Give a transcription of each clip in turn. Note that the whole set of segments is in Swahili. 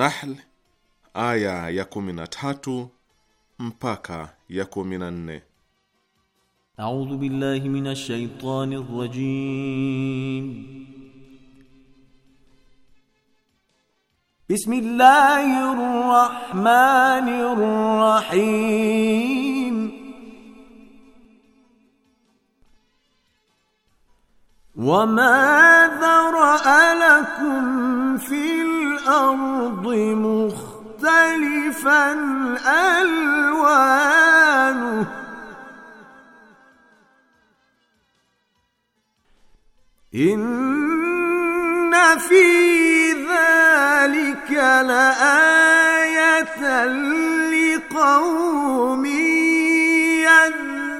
An-Nahl aya ya kumi na tatu mpaka ya kumi na nne. A'udhu billahi minash shaitani rajim. Bismillahir rahmanir rahim. وما ذرأ لكم في الأرض مختلفا ألوانه إن في ذلك لآية لقوم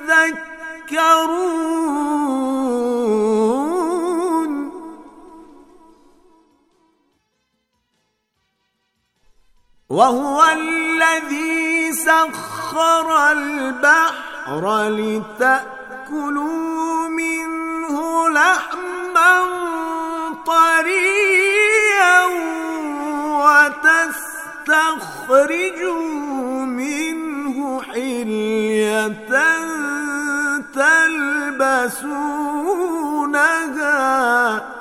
يذكرون وهو الذي سخر البحر لتأكلوا منه لحما طريا وتستخرجوا منه حلية تلبسونها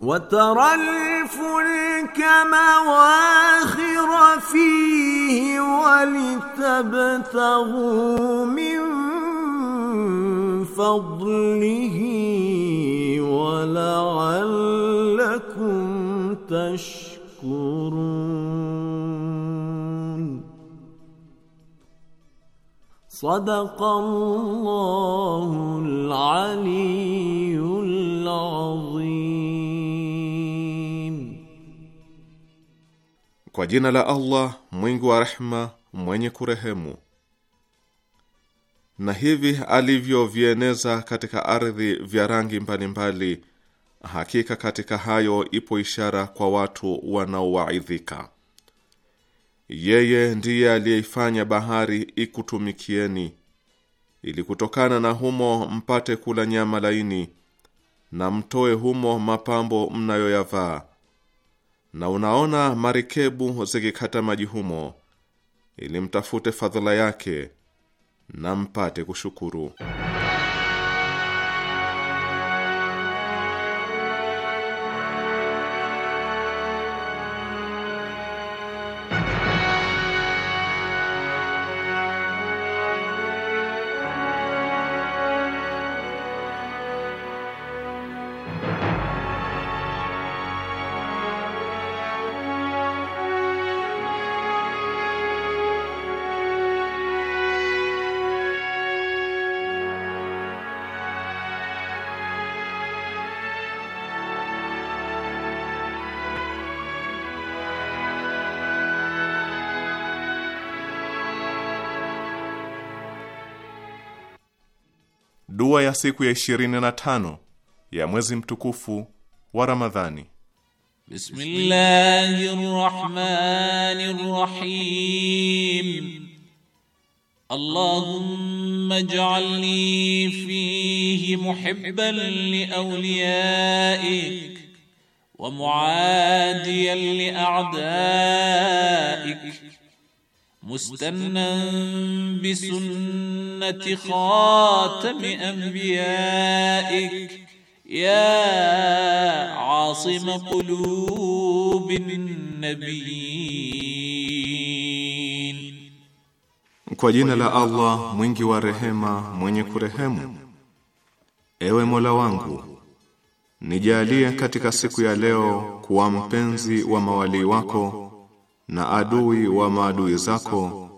وترى الفلك مواخر فيه ولتبتغوا من فضله ولعلكم تشكرون صدق الله العلي العظيم Kwa jina la Allah mwingi wa rehma, mwenye kurehemu. Na hivi alivyovieneza katika ardhi vya rangi mbalimbali, hakika katika hayo ipo ishara kwa watu wanaowaidhika. Yeye ndiye aliyeifanya bahari ikutumikieni, ili kutokana na humo mpate kula nyama laini, na mtoe humo mapambo mnayoyavaa na unaona marekebu zikikata maji humo, ili mtafute fadhila yake na mpate kushukuru. Dua ya siku ya 25 ya mwezi mtukufu wa Ramadhani. Bismillahir Rahmanir Rahim. Allahumma ij'alni fihi muhibban li awliyaik wa muadiyan li a'daik mustamnan bi sunnati khatami anbiyaik ya asima qulubin nabiyin, kwa jina la Allah mwingi wa rehema mwenye kurehemu. Ewe Mola wangu, nijalie katika siku ya leo kuwa mpenzi wa mawalii wako na adui wa maadui zako,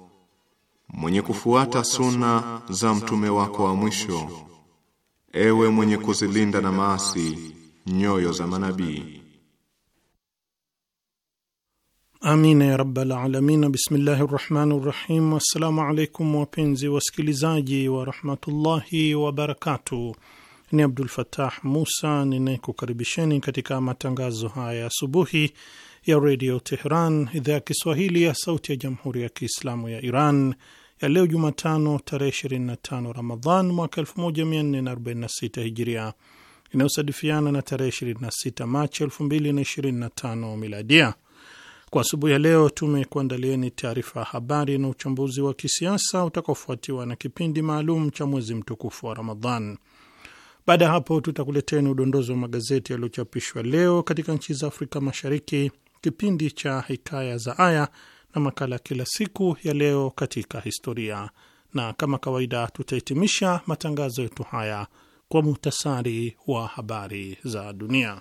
mwenye kufuata suna za mtume wako wa mwisho, ewe mwenye kuzilinda na maasi nyoyo za manabii. Amina ya rabbal alamin. Bismillahi rahmani rahim. Assalamu alaikum wapenzi wasikilizaji wa rahmatullahi wabarakatuh. Ni Abdul Fattah Musa ninayekukaribisheni katika matangazo haya asubuhi ya Redio Teheran, idhaa ya Kiswahili ya sauti ya Jamhuri ya Kiislamu ya Iran ya leo Jumatano tarehe 25 Ramadhan mwaka 1446 Hijiria inayosadifiana na tarehe 26 Machi 2025 Miladia. Kwa asubuhi ya leo tumekuandalieni taarifa ya habari na uchambuzi wa kisiasa utakaofuatiwa na kipindi maalum cha mwezi mtukufu wa Ramadhan. Baada ya hapo, tutakuleteni udondozi wa magazeti yaliyochapishwa leo katika nchi za Afrika Mashariki kipindi cha Hikaya za Aya na makala kila siku ya Leo katika Historia, na kama kawaida tutahitimisha matangazo yetu haya kwa muhtasari wa habari za dunia.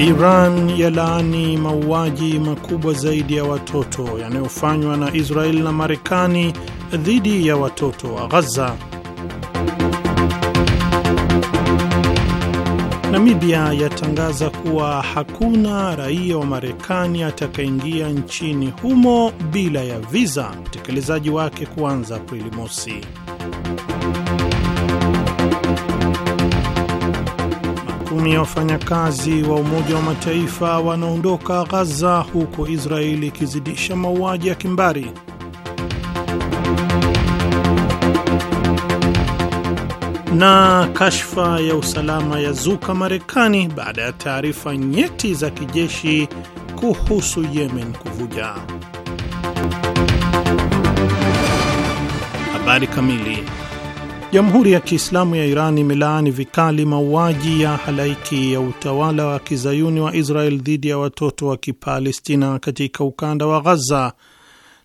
Iran yalaani mauaji makubwa zaidi ya watoto yanayofanywa na Israel na Marekani dhidi ya watoto wa Gaza. Namibia yatangaza kuwa hakuna raia wa Marekani atakayeingia nchini humo bila ya viza, utekelezaji wake kuanza Aprili mosi. Makumi ya wafanyakazi wa Umoja wa Mataifa wanaondoka Ghaza, huko Israeli ikizidisha mauaji ya kimbari. Na kashfa ya usalama ya zuka Marekani baada ya taarifa nyeti za kijeshi kuhusu Yemen kuvuja. Habari kamili Jamhuri ya Kiislamu ya Iran imelaani vikali mauaji ya halaiki ya utawala wa kizayuni wa Israel dhidi ya watoto wa Kipalestina katika ukanda wa Ghaza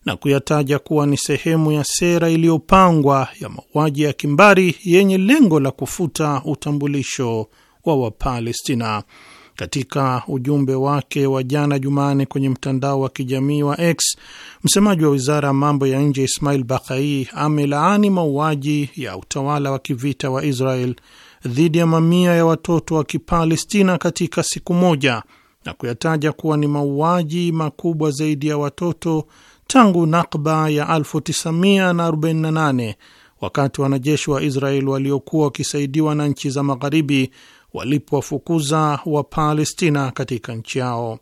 na kuyataja kuwa ni sehemu ya sera iliyopangwa ya mauaji ya kimbari yenye lengo la kufuta utambulisho wa Wapalestina. Katika ujumbe wake wa jana Jumane kwenye mtandao wa kijamii wa X, msemaji wa wizara ya mambo ya nje Ismail Bakai amelaani mauaji ya utawala wa kivita wa Israel dhidi ya mamia ya watoto wa Kipalestina katika siku moja na kuyataja kuwa ni mauaji makubwa zaidi ya watoto tangu Nakba ya 1948 wakati wanajeshi wa Israel waliokuwa wakisaidiwa na nchi za Magharibi walipowafukuza Wapalestina katika nchi yao.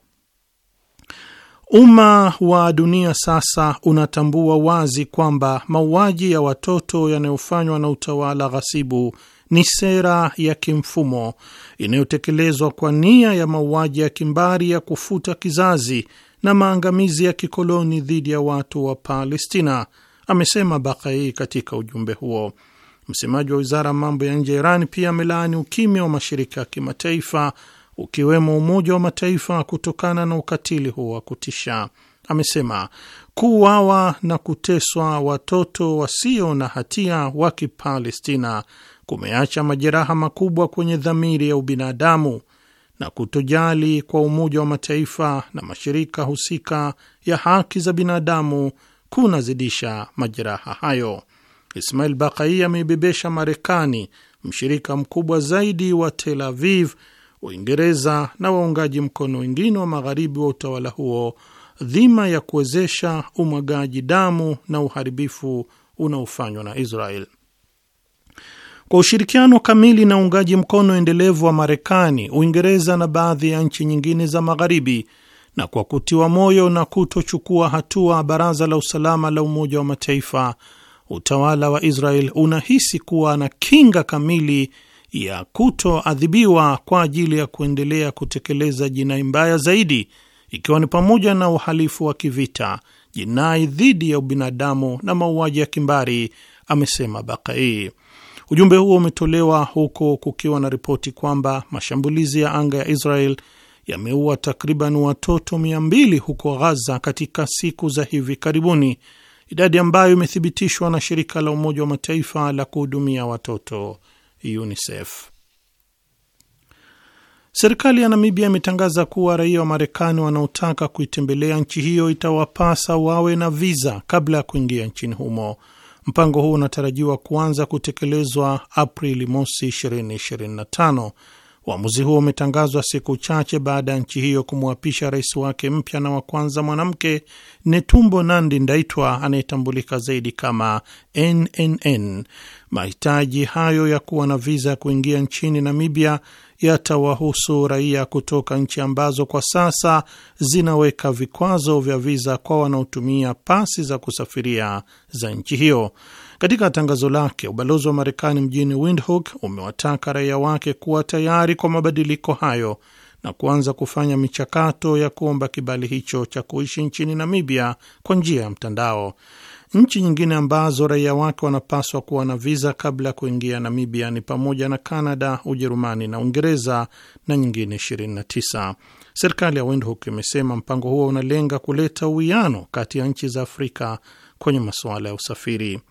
Umma wa dunia sasa unatambua wazi kwamba mauaji ya watoto yanayofanywa na utawala ghasibu ni sera ya kimfumo inayotekelezwa kwa nia ya mauaji ya kimbari ya kufuta kizazi na maangamizi ya kikoloni dhidi ya watu wa Palestina, amesema Bakai katika ujumbe huo. Msemaji wa wizara ya mambo ya nje ya Iran pia amelaani ukimya wa mashirika ya kimataifa ukiwemo Umoja wa Mataifa kutokana na ukatili huo wa kutisha. Amesema kuuawa na kuteswa watoto wasio na hatia wa Kipalestina kumeacha majeraha makubwa kwenye dhamiri ya ubinadamu na kutojali kwa Umoja wa Mataifa na mashirika husika ya haki za binadamu kunazidisha majeraha hayo. Ismail Bakai ameibebesha Marekani, mshirika mkubwa zaidi wa Tel Aviv, Uingereza na waungaji mkono wengine wa magharibi wa utawala huo, dhima ya kuwezesha umwagaji damu na uharibifu unaofanywa na Israel. Kwa ushirikiano kamili na uungaji mkono endelevu wa Marekani, Uingereza na baadhi ya nchi nyingine za magharibi na kwa kutiwa moyo na kutochukua hatua Baraza la Usalama la Umoja wa Mataifa utawala wa Israel unahisi kuwa na kinga kamili ya kutoadhibiwa kwa ajili ya kuendelea kutekeleza jinai mbaya zaidi, ikiwa ni pamoja na uhalifu wa kivita, jinai dhidi ya ubinadamu na mauaji ya kimbari, amesema Bakai. Ujumbe huo umetolewa huko kukiwa na ripoti kwamba mashambulizi ya anga ya Israel yameua takriban watoto 200 huko Ghaza katika siku za hivi karibuni idadi ambayo imethibitishwa na shirika la Umoja wa Mataifa la kuhudumia watoto UNICEF. Serikali ya Namibia imetangaza kuwa raia wa Marekani wanaotaka kuitembelea nchi hiyo itawapasa wawe na viza kabla ya kuingia nchini humo. Mpango huo unatarajiwa kuanza kutekelezwa Aprili mosi 2025. Uamuzi huo umetangazwa siku chache baada ya nchi hiyo kumwapisha rais wake mpya na wa kwanza mwanamke Netumbo Nandi Ndaitwa anayetambulika zaidi kama NNN. Mahitaji hayo ya kuwa na viza ya kuingia nchini Namibia yatawahusu raia kutoka nchi ambazo kwa sasa zinaweka vikwazo vya viza kwa wanaotumia pasi za kusafiria za nchi hiyo. Katika tangazo lake, ubalozi wa Marekani mjini Windhoek umewataka raia wake kuwa tayari kwa mabadiliko hayo na kuanza kufanya michakato ya kuomba kibali hicho cha kuishi nchini Namibia kwa njia ya mtandao. Nchi nyingine ambazo raia wake wanapaswa kuwa na viza kabla ya kuingia Namibia ni pamoja na canada Ujerumani na Uingereza na nyingine 29. Serikali ya Windhoek imesema mpango huo unalenga kuleta uwiano kati ya nchi za Afrika kwenye masuala ya usafiri.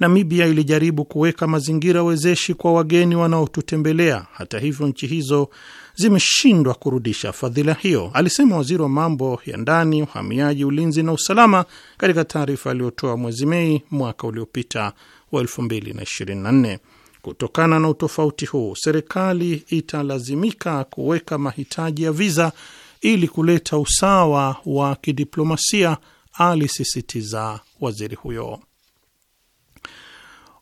Namibia ilijaribu kuweka mazingira wezeshi kwa wageni wanaotutembelea. Hata hivyo, nchi hizo zimeshindwa kurudisha fadhila hiyo, alisema waziri wa mambo ya ndani, uhamiaji, ulinzi na usalama katika taarifa aliyotoa mwezi Mei mwaka uliopita wa 2024. Kutokana na utofauti huu, serikali italazimika kuweka mahitaji ya viza ili kuleta usawa wa kidiplomasia, alisisitiza waziri huyo.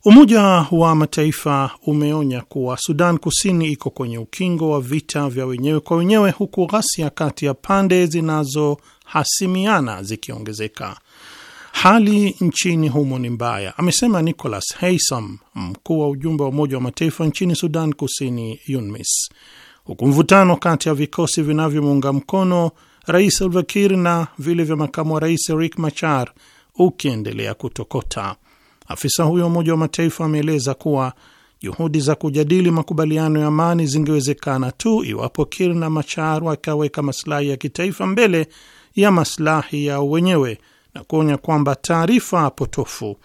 Umoja wa Mataifa umeonya kuwa Sudan Kusini iko kwenye ukingo wa vita vya wenyewe kwa wenyewe, huku ghasia kati ya pande zinazohasimiana zikiongezeka. Hali nchini humo ni mbaya, amesema Nicholas Haysom, mkuu wa ujumbe wa Umoja wa Mataifa nchini Sudan Kusini, UNMISS, huku mvutano kati ya vikosi vinavyomuunga mkono Rais Salva Kiir na vile vya makamu wa rais Riek Machar ukiendelea kutokota. Afisa huyo Umoja wa Mataifa ameeleza kuwa juhudi za kujadili makubaliano ya amani zingewezekana tu iwapo Kir na Machar wakaweka masilahi ya kitaifa mbele ya masilahi yao wenyewe, na kuonya kwamba taarifa potofu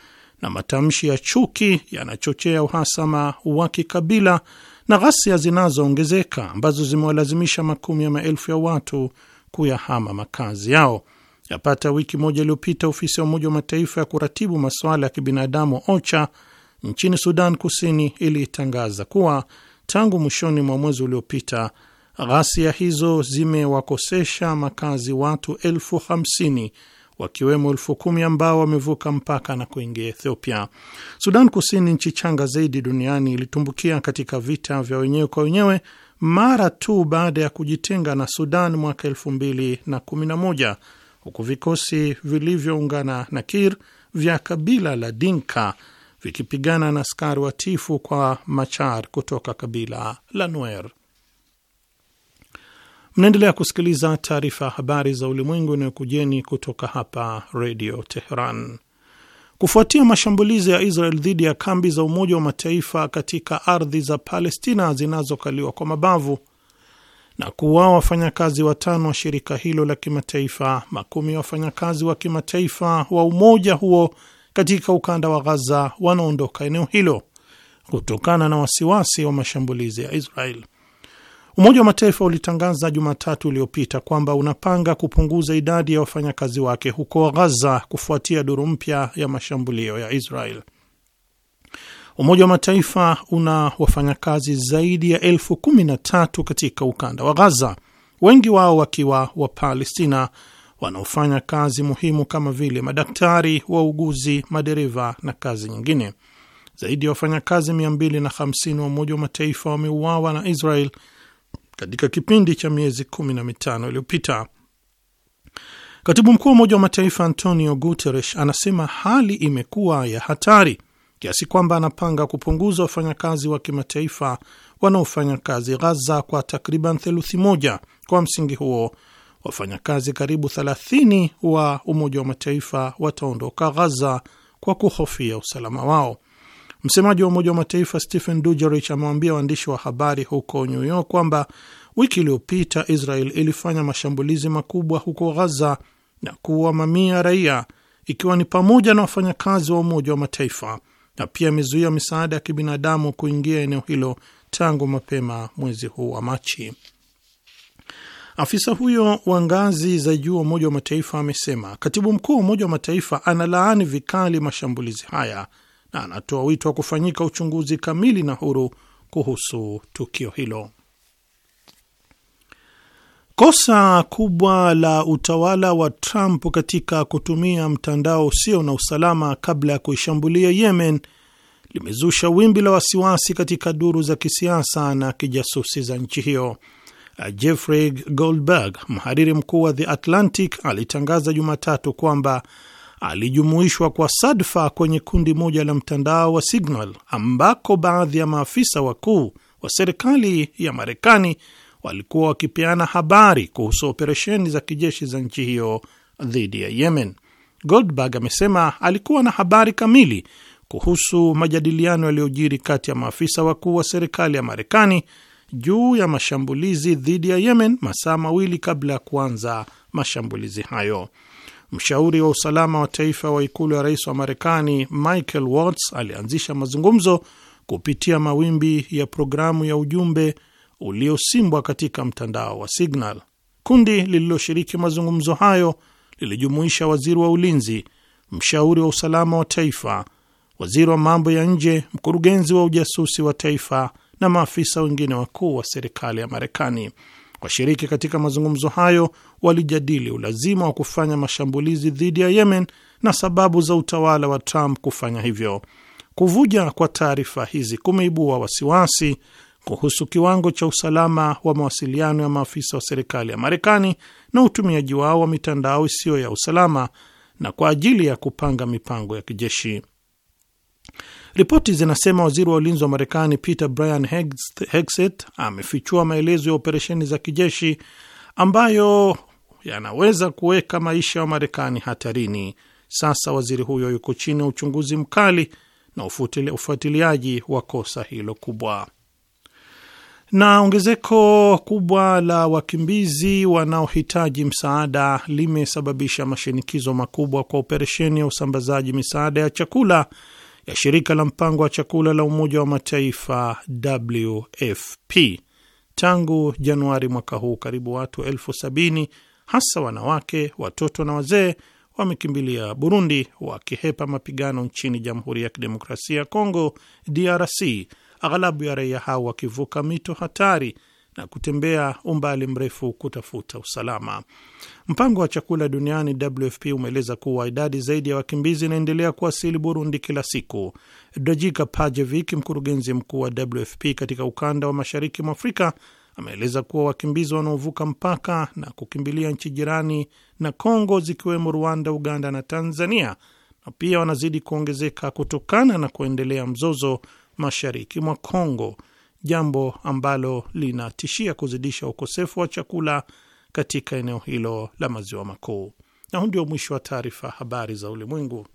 na matamshi ya chuki yanachochea uhasama wa kikabila na ghasia zinazoongezeka ambazo zimewalazimisha makumi ya maelfu ya watu kuyahama makazi yao. Yapata wiki moja iliyopita, ofisi ya Umoja wa Mataifa ya kuratibu masuala ya kibinadamu OCHA nchini Sudan Kusini ilitangaza kuwa tangu mwishoni mwa mwezi uliopita ghasia hizo zimewakosesha makazi watu elfu hamsini wakiwemo elfu kumi ambao wamevuka mpaka na kuingia Ethiopia. Sudan Kusini, nchi changa zaidi duniani, ilitumbukia katika vita vya wenyewe kwa wenyewe mara tu baada ya kujitenga na Sudan mwaka elfu mbili na kumi na moja huku vikosi vilivyoungana na Kir vya kabila la Dinka vikipigana na askari watifu kwa Machar kutoka kabila la Nuer. Mnaendelea kusikiliza taarifa ya habari za ulimwengu inayokujeni kutoka hapa Redio Teheran. Kufuatia mashambulizi ya Israel dhidi ya kambi za Umoja wa Mataifa katika ardhi za Palestina zinazokaliwa kwa mabavu, na kuwa wafanyakazi watano wa shirika hilo la kimataifa, makumi ya wafanyakazi wa kimataifa wa umoja huo katika ukanda wa Ghaza wanaondoka eneo hilo kutokana na wasiwasi wa mashambulizi ya Israel. Umoja wa Mataifa ulitangaza Jumatatu uliopita kwamba unapanga kupunguza idadi ya wafanyakazi wake huko Ghaza kufuatia duru mpya ya mashambulio ya Israel. Umoja wa Mataifa una wafanyakazi zaidi ya elfu kumi na tatu katika ukanda wa Ghaza, wengi wao wakiwa Wapalestina wanaofanya kazi muhimu kama vile madaktari, wauguzi, madereva na kazi nyingine. Zaidi ya wafanyakazi 250 wa Umoja wa Mataifa wameuawa na Israel katika kipindi cha miezi mitano iliyopita. Katibu mkuu wa Umoja wa Mataifa Antonio Guterres anasema hali imekuwa ya hatari kiasi kwamba anapanga kupunguza wafanyakazi wa kimataifa wanaofanya kazi Ghaza kwa takriban theluthi moja. Kwa msingi huo, wafanyakazi karibu 30 wa Umoja wa Mataifa wataondoka Ghaza kwa kuhofia usalama wao. Msemaji wa Umoja wa Mataifa Stephen Dujarric amewaambia waandishi wa habari huko New York kwamba wiki iliyopita Israel ilifanya mashambulizi makubwa huko Ghaza na kuua mamia raia, ikiwa ni pamoja na wafanyakazi wa Umoja wa Mataifa na pia imezuia misaada ya kibinadamu kuingia eneo hilo tangu mapema mwezi huu wa Machi. Afisa huyo wa ngazi za juu wa Umoja wa Mataifa amesema katibu mkuu wa Umoja wa Mataifa analaani vikali mashambulizi haya na anatoa wito wa kufanyika uchunguzi kamili na huru kuhusu tukio hilo. Kosa kubwa la utawala wa Trump katika kutumia mtandao usio na usalama kabla ya kuishambulia Yemen limezusha wimbi la wasiwasi katika duru za kisiasa na kijasusi za nchi hiyo. Jeffrey Goldberg, mhariri mkuu wa The Atlantic, alitangaza Jumatatu kwamba alijumuishwa kwa sadfa kwenye kundi moja la mtandao wa Signal ambako baadhi ya maafisa wakuu wa serikali ya Marekani walikuwa wakipeana habari kuhusu operesheni za kijeshi za nchi hiyo dhidi ya Yemen. Goldberg amesema alikuwa na habari kamili kuhusu majadiliano yaliyojiri kati ya maafisa wakuu wa serikali ya Marekani juu ya mashambulizi dhidi ya Yemen masaa mawili kabla ya kuanza mashambulizi hayo. Mshauri wa usalama wa taifa wa ikulu ya rais wa Marekani Michael watts alianzisha mazungumzo kupitia mawimbi ya programu ya ujumbe uliosimbwa katika mtandao wa Signal. Kundi lililoshiriki mazungumzo hayo lilijumuisha waziri wa ulinzi, mshauri wa usalama wa taifa, waziri wa mambo ya nje, mkurugenzi wa ujasusi wa taifa na maafisa wengine wakuu wa serikali ya Marekani. Washiriki katika mazungumzo hayo walijadili ulazima wa kufanya mashambulizi dhidi ya Yemen na sababu za utawala wa Trump kufanya hivyo. Kuvuja kwa taarifa hizi kumeibua wasiwasi kuhusu kiwango cha usalama wa mawasiliano ya maafisa wa serikali ya Marekani na utumiaji wao wa mitandao isiyo ya usalama na kwa ajili ya kupanga mipango ya kijeshi. Ripoti zinasema waziri wa ulinzi wa Marekani Peter Brian Hegseth amefichua maelezo ya operesheni za kijeshi ambayo yanaweza kuweka maisha ya Marekani hatarini. Sasa waziri huyo yuko chini ya uchunguzi mkali na ufuatiliaji wa kosa hilo kubwa. Na ongezeko kubwa la wakimbizi wanaohitaji msaada limesababisha mashinikizo makubwa kwa operesheni ya usambazaji misaada ya chakula ya shirika la mpango wa chakula la Umoja wa Mataifa WFP. Tangu Januari mwaka huu, karibu watu elfu sabini hasa wanawake, watoto na wazee wamekimbilia Burundi wakihepa mapigano nchini Jamhuri ya Kidemokrasia ya Kongo DRC aghalabu ya raia hao wakivuka mito hatari na kutembea umbali mrefu kutafuta usalama. Mpango wa chakula duniani WFP umeeleza kuwa idadi zaidi ya wakimbizi inaendelea kuwasili Burundi kila siku. Dojika pajevik mkurugenzi mkuu wa WFP katika ukanda wa mashariki mwa Afrika, ameeleza kuwa wakimbizi wanaovuka mpaka na kukimbilia nchi jirani na Kongo, zikiwemo Rwanda, Uganda na Tanzania, na pia wanazidi kuongezeka kutokana na kuendelea mzozo mashariki mwa Kongo, jambo ambalo linatishia kuzidisha ukosefu wa chakula katika eneo hilo la maziwa makuu. Na huu ndio mwisho wa taarifa habari za ulimwengu.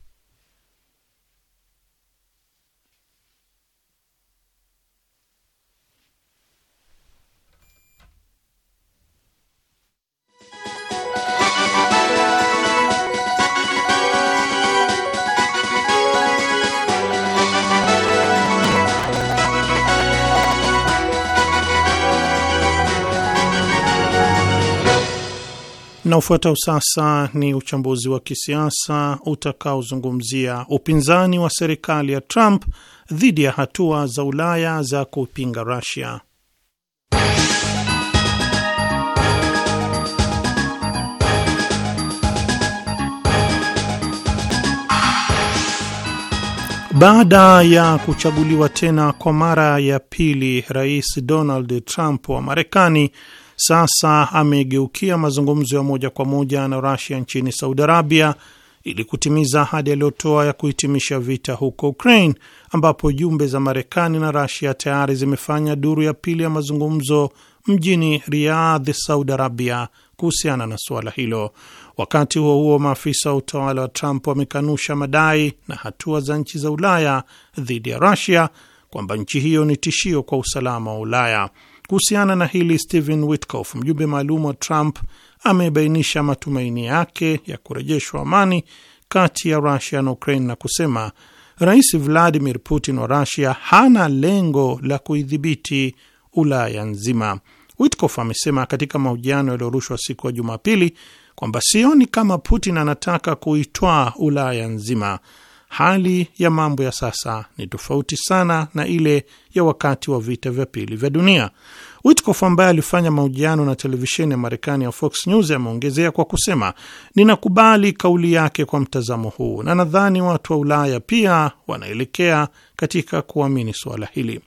Na ufuatao sasa ni uchambuzi wa kisiasa utakaozungumzia upinzani wa serikali ya Trump dhidi ya hatua za Ulaya za kupinga Rusia. Baada ya kuchaguliwa tena kwa mara ya pili, Rais Donald Trump wa Marekani sasa amegeukia mazungumzo ya moja kwa moja na rasia nchini Saudi Arabia ili kutimiza ahadi aliyotoa ya kuhitimisha vita huko Ukraine, ambapo jumbe za Marekani na rasia tayari zimefanya duru ya pili ya mazungumzo mjini Riyadh, Saudi Arabia kuhusiana na suala hilo. Wakati huo huo, maafisa wa utawala wa Trump wamekanusha madai na hatua za nchi za Ulaya dhidi ya rasia kwamba nchi hiyo ni tishio kwa usalama wa Ulaya. Kuhusiana na hili, Stephen Witkoff, mjumbe maalum wa Trump, amebainisha matumaini yake ya kurejeshwa amani kati ya Rusia na Ukraine na kusema Rais Vladimir Putin wa Rusia hana lengo la kuidhibiti Ulaya nzima. Witkoff amesema katika mahojiano yaliyorushwa siku ya Jumapili kwamba sioni kama Putin anataka kuitwaa Ulaya nzima, hali ya mambo ya sasa ni tofauti sana na ile ya wakati wa vita vya pili vya dunia. Witkoff ambaye alifanya mahojiano na televisheni ya Marekani ya Fox News ameongezea kwa kusema, ninakubali kauli yake kwa mtazamo huu na nadhani watu wa Ulaya pia wanaelekea katika kuamini suala hili.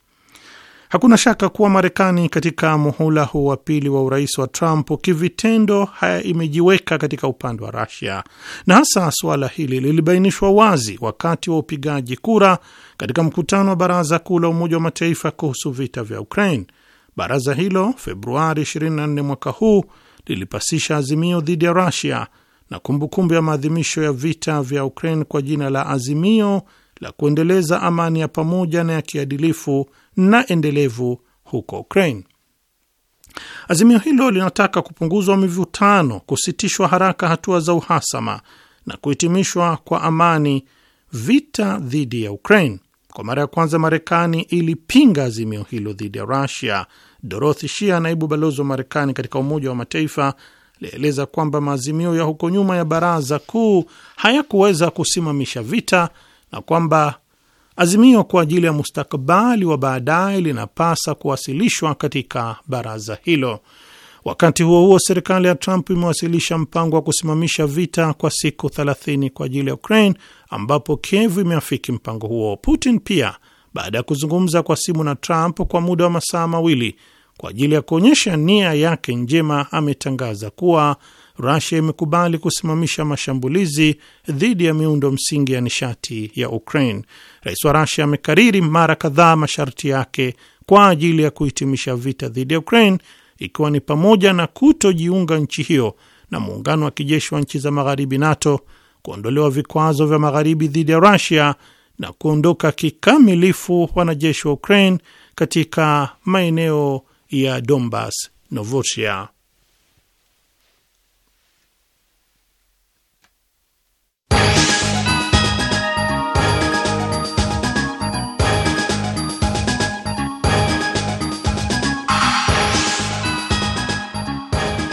Hakuna shaka kuwa Marekani katika muhula huu wa pili wa urais wa Trump kivitendo haya imejiweka katika upande wa Rusia, na hasa suala hili lilibainishwa wazi wakati wa upigaji kura katika mkutano wa Baraza Kuu la Umoja wa Mataifa kuhusu vita vya Ukraine. Baraza hilo Februari 24 mwaka huu lilipasisha azimio dhidi ya Rusia na kumbukumbu kumbu ya maadhimisho ya vita vya Ukraine kwa jina la Azimio la Kuendeleza Amani ya Pamoja na ya Kiadilifu na endelevu huko Ukraine. Azimio hilo linataka kupunguzwa mivutano, kusitishwa haraka hatua za uhasama na kuhitimishwa kwa amani vita dhidi ya Ukraine. Kwa mara ya kwanza Marekani ilipinga azimio hilo dhidi ya Rusia. Dorothy Shia, naibu balozi wa Marekani katika Umoja wa Mataifa, alieleza kwamba maazimio ya huko nyuma ya Baraza Kuu hayakuweza kusimamisha vita na kwamba Azimio kwa ajili ya mustakabali wa baadaye linapasa kuwasilishwa katika baraza hilo. Wakati huo huo, serikali ya Trump imewasilisha mpango wa kusimamisha vita kwa siku 30 kwa ajili ya Ukraine, ambapo Kiev imeafiki mpango huo. Putin pia, baada ya kuzungumza kwa simu na Trump kwa muda wa masaa mawili kwa ajili ya kuonyesha nia yake njema, ametangaza kuwa Rusia imekubali kusimamisha mashambulizi dhidi ya miundo msingi ya nishati ya Ukraine. Rais wa Rusia amekariri mara kadhaa masharti yake kwa ajili ya kuhitimisha vita dhidi ya Ukraine, ikiwa ni pamoja na kutojiunga nchi hiyo na muungano wa kijeshi wa nchi za magharibi NATO, kuondolewa vikwazo vya magharibi dhidi ya Rusia na kuondoka kikamilifu wanajeshi wa Ukraine katika maeneo ya Donbas, Novosia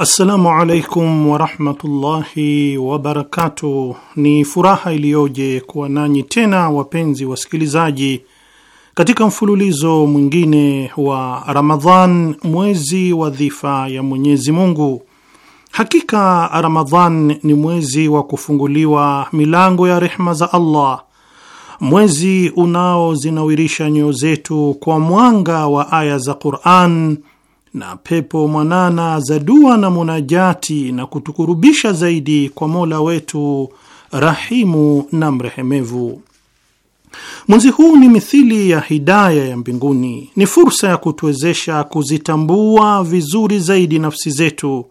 Assalamu alaikum warahmatullahi wabarakatu Ni furaha iliyoje kuwa nanyi tena wapenzi wasikilizaji, katika mfululizo mwingine wa Ramadhan, mwezi wa dhifa ya Mwenyezi Mungu. Hakika Ramadhan ni mwezi wa kufunguliwa milango ya rehma za Allah, mwezi unaozinawirisha nyoyo zetu kwa mwanga wa aya za Quran na pepo mwanana za dua na munajati na kutukurubisha zaidi kwa Mola wetu rahimu na mrehemevu. Mwezi huu ni mithili ya hidaya ya mbinguni, ni fursa ya kutuwezesha kuzitambua vizuri zaidi nafsi zetu,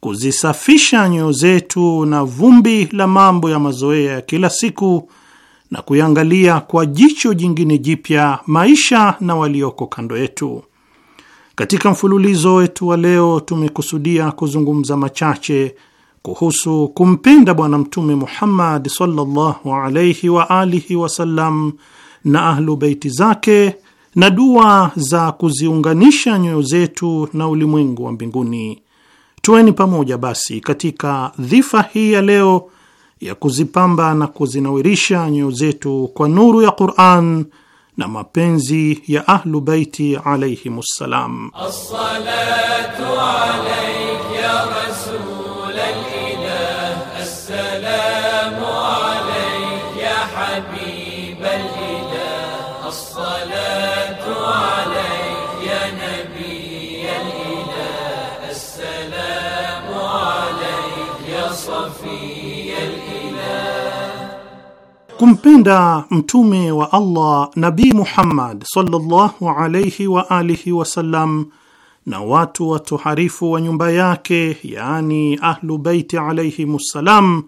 kuzisafisha nyoyo zetu na vumbi la mambo ya mazoea ya kila siku na kuyangalia kwa jicho jingine jipya maisha na walioko kando yetu. Katika mfululizo wetu wa leo tumekusudia kuzungumza machache kuhusu kumpenda Bwana Mtume Muhammad sallallahu alaihi wa alihi wasallam na ahlu beiti zake na dua za kuziunganisha nyoyo zetu na ulimwengu wa mbinguni. Tuweni pamoja basi katika dhifa hii ya leo ya kuzipamba na kuzinawirisha nyoyo zetu kwa nuru ya Qur'an na mapenzi ya Ahlu Baiti alayhimus salam. As-salatu alayka ya Rasul Kumpenda mtume wa Allah nabi Muhammad sallallahu alayhi wa alihi wasallam na watu watoharifu wa nyumba yake, yaani Ahlu Baiti alayhimussalam,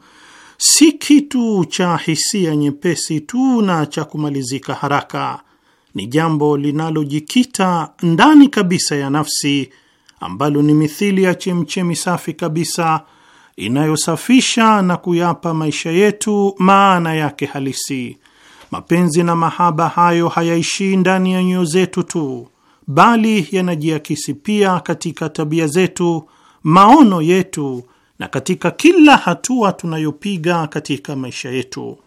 si kitu cha hisia nyepesi tu na cha kumalizika haraka. Ni jambo linalojikita ndani kabisa ya nafsi, ambalo ni mithili ya chemchemi safi kabisa inayosafisha na kuyapa maisha yetu maana yake halisi. Mapenzi na mahaba hayo hayaishii ndani ya nyoyo zetu tu, bali yanajiakisi pia katika tabia zetu, maono yetu, na katika kila hatua tunayopiga katika maisha yetu.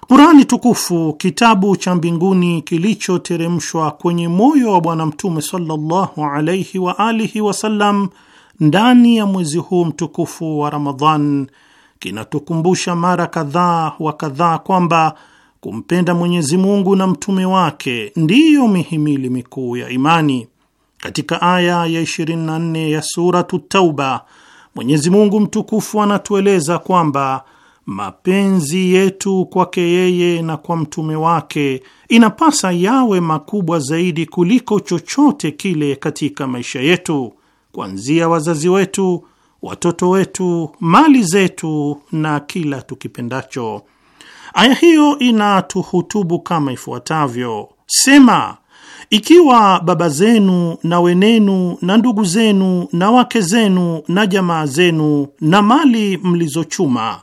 Kurani tukufu, kitabu cha mbinguni kilichoteremshwa kwenye moyo wa Bwana Mtume sallallahu alaihi wa alihi wasallam ndani ya mwezi huu mtukufu wa Ramadhan kinatukumbusha mara kadhaa wa kadhaa kwamba kumpenda Mwenyezi Mungu na mtume wake ndiyo mihimili mikuu ya imani. Katika aya ya 24 ya Suratu Tauba, Mwenyezi Mungu mtukufu anatueleza kwamba mapenzi yetu kwake yeye na kwa mtume wake inapasa yawe makubwa zaidi kuliko chochote kile katika maisha yetu kuanzia wazazi wetu, watoto wetu, mali zetu na kila tukipendacho. Aya hiyo inatuhutubu kama ifuatavyo: Sema, ikiwa baba zenu na wenenu na ndugu zenu na wake zenu na jamaa zenu na mali mlizochuma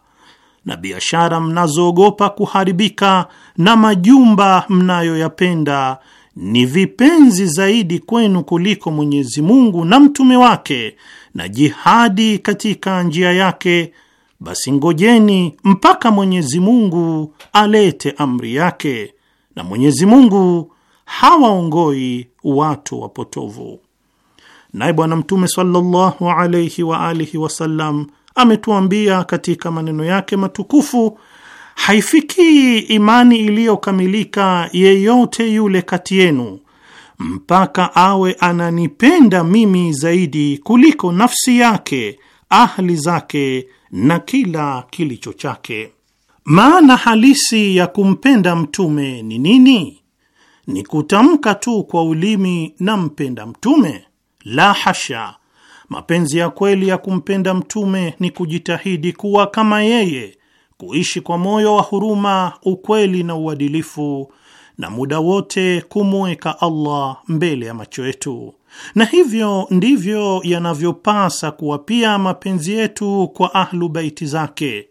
na biashara mnazoogopa kuharibika na majumba mnayoyapenda ni vipenzi zaidi kwenu kuliko Mwenyezi Mungu na mtume wake na jihadi katika njia yake, basi ngojeni mpaka Mwenyezi Mungu alete amri yake, na Mwenyezi Mungu hawaongoi watu wapotovu. Naye Bwana Mtume sallallahu alayhi wa alihi wasallam ametuambia katika maneno yake matukufu haifikii imani iliyokamilika yeyote yule kati yenu mpaka awe ananipenda mimi zaidi kuliko nafsi yake, ahli zake na kila kilicho chake. Maana halisi ya kumpenda mtume ni nini? Ni kutamka tu kwa ulimi na mpenda mtume? La hasha! Mapenzi ya kweli ya kumpenda mtume ni kujitahidi kuwa kama yeye kuishi kwa moyo wa huruma, ukweli na uadilifu, na muda wote kumweka Allah mbele ya macho yetu, na hivyo ndivyo yanavyopasa kuwa pia mapenzi yetu kwa Ahlu Baiti zake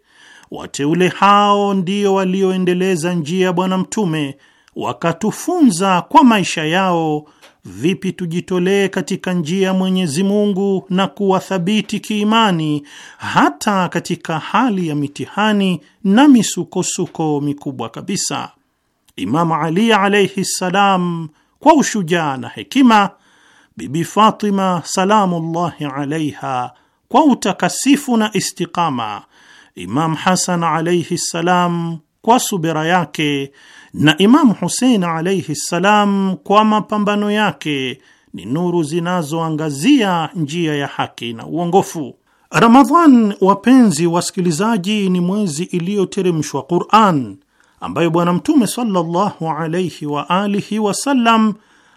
wateule. Hao ndio walioendeleza njia ya Bwana Mtume, wakatufunza kwa maisha yao vipi tujitolee katika njia ya Mwenyezi Mungu na kuwa thabiti kiimani hata katika hali ya mitihani na misukosuko mikubwa kabisa. Imamu Ali alaihi ssalam, kwa ushujaa na hekima, Bibi Fatima salamullahi alaiha kwa utakasifu na istiqama, Imam Hasan alaihi ssalam kwa subira yake na Imamu Husein alaihi ssalam kwa mapambano yake ni nuru zinazoangazia njia ya haki na uongofu. Ramadhan, wapenzi wasikilizaji, ni mwezi iliyoteremshwa Quran ambayo Bwana Mtume sallallahu alaihi wa alihi wasallam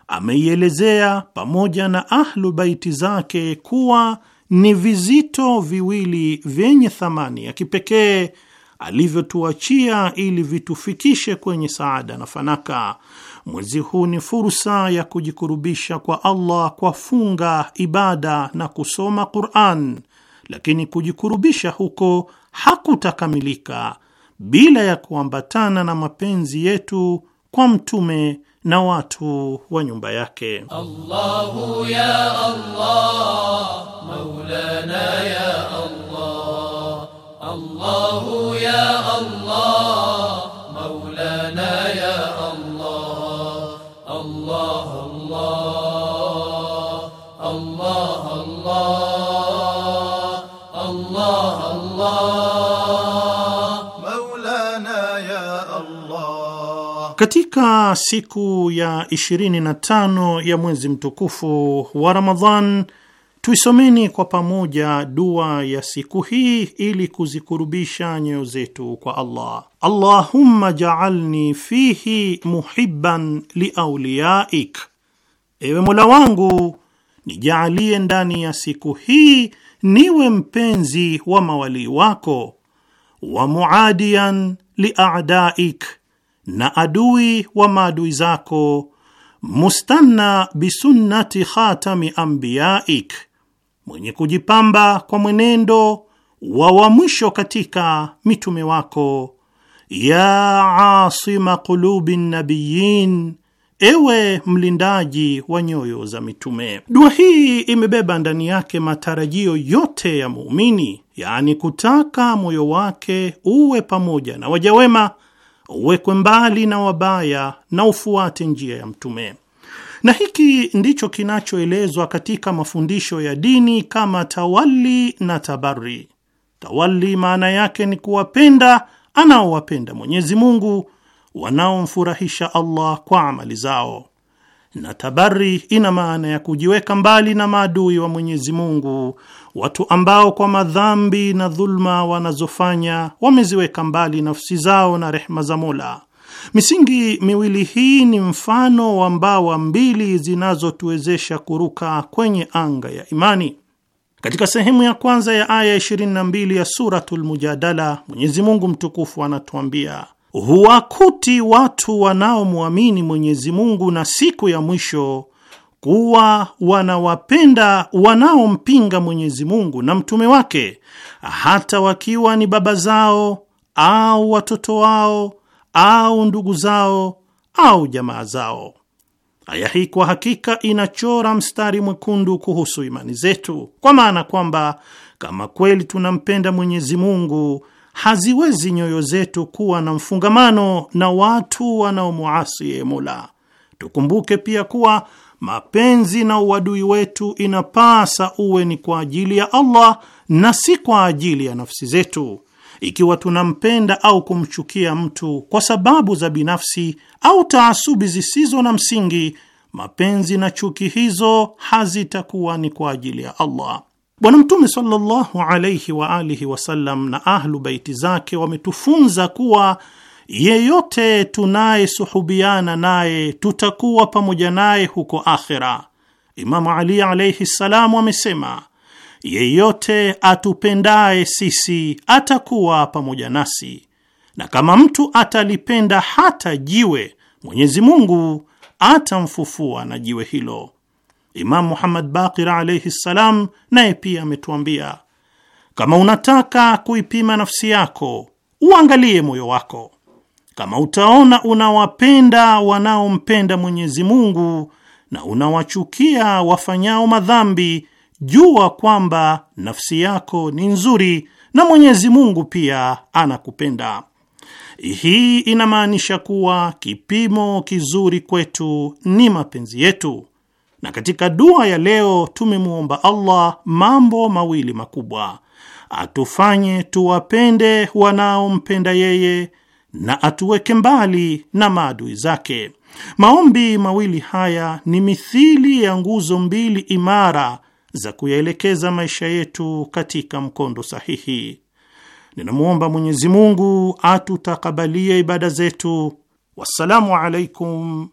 ameielezea pamoja na Ahlu Baiti zake kuwa ni vizito viwili vyenye thamani ya kipekee alivyotuachia ili vitufikishe kwenye saada na fanaka. Mwezi huu ni fursa ya kujikurubisha kwa Allah kwa funga, ibada na kusoma Quran, lakini kujikurubisha huko hakutakamilika bila ya kuambatana na mapenzi yetu kwa mtume na watu wa nyumba yake. Allahu ya Allah, Maulana ya Allah, Allah الله مولانا يا الله الله الله الله الله الله الله مولانا يا الله Katika siku ya 25 ya mwezi mtukufu wa Ramadhan Tuisomeni kwa pamoja dua ya siku hii ili kuzikurubisha nyoyo zetu kwa Allah. Allahumma ja'alni fihi muhibban liauliyaik, ewe Mola wangu nijaalie ndani ya siku hii niwe mpenzi wa mawalii wako, wa muadian liadaik, na adui wa maadui zako, mustanna bisunnati khatami ambiyaik mwenye kujipamba kwa mwenendo wa wa mwisho katika mitume wako, ya asima qulubi nabiyin, ewe mlindaji wa nyoyo za mitume. Dua hii imebeba ndani yake matarajio yote ya muumini, yaani kutaka moyo wake uwe pamoja na wajawema uwekwe mbali na wabaya na ufuate njia ya mtume na hiki ndicho kinachoelezwa katika mafundisho ya dini kama tawali na tabari. tawali maana yake ni kuwapenda anaowapenda Mwenyezi Mungu, wanaomfurahisha Allah kwa amali zao, na tabari ina maana ya kujiweka mbali na maadui wa Mwenyezi Mungu, watu ambao kwa madhambi na dhulma wanazofanya wameziweka mbali nafsi zao na rehma za Mola Misingi miwili hii ni mfano wa mbawa mbili zinazotuwezesha kuruka kwenye anga ya imani. Katika sehemu ya kwanza ya aya 22 ya Suratul Mujadala, Mwenyezi Mungu mtukufu anatuambia huwakuti watu wanaomwamini Mwenyezi Mungu na siku ya mwisho kuwa wanawapenda wanaompinga Mwenyezi Mungu na mtume wake, hata wakiwa ni baba zao au watoto wao au ndugu zao au jamaa zao. Aya hii kwa hakika inachora mstari mwekundu kuhusu imani zetu, kwa maana kwamba kama kweli tunampenda Mwenyezi Mungu, haziwezi nyoyo zetu kuwa na mfungamano na watu wanaomwasi Mola. Tukumbuke pia kuwa mapenzi na uadui wetu inapasa uwe ni kwa ajili ya Allah na si kwa ajili ya nafsi zetu. Ikiwa tunampenda au kumchukia mtu kwa sababu za binafsi au taasubi zisizo na msingi, mapenzi na chuki hizo hazitakuwa ni kwa ajili ya Allah. Bwana Mtume sallallahu alayhi wa alihi wasallam na ahlu baiti zake wametufunza kuwa yeyote tunayesuhubiana naye tutakuwa pamoja naye huko akhira. Imamu Ali alayhi salamu amesema yeyote atupendaye sisi atakuwa pamoja nasi, na kama mtu atalipenda hata jiwe, Mwenyezi Mungu atamfufua na jiwe hilo. Imam Muhammad Baqir alaihi ssalam naye pia ametuambia, kama unataka kuipima nafsi yako uangalie moyo wako, kama utaona unawapenda wanaompenda Mwenyezi Mungu na unawachukia wafanyao madhambi jua kwamba nafsi yako ni nzuri na Mwenyezi Mungu pia anakupenda. Hii inamaanisha kuwa kipimo kizuri kwetu ni mapenzi yetu, na katika dua ya leo tumemwomba Allah mambo mawili makubwa: atufanye tuwapende wanaompenda yeye na atuweke mbali na maadui zake. Maombi mawili haya ni mithili ya nguzo mbili imara za kuyaelekeza maisha yetu katika mkondo sahihi. Ninamwomba Mwenyezi Mungu atutakabalie ibada zetu. Wassalamu alaikum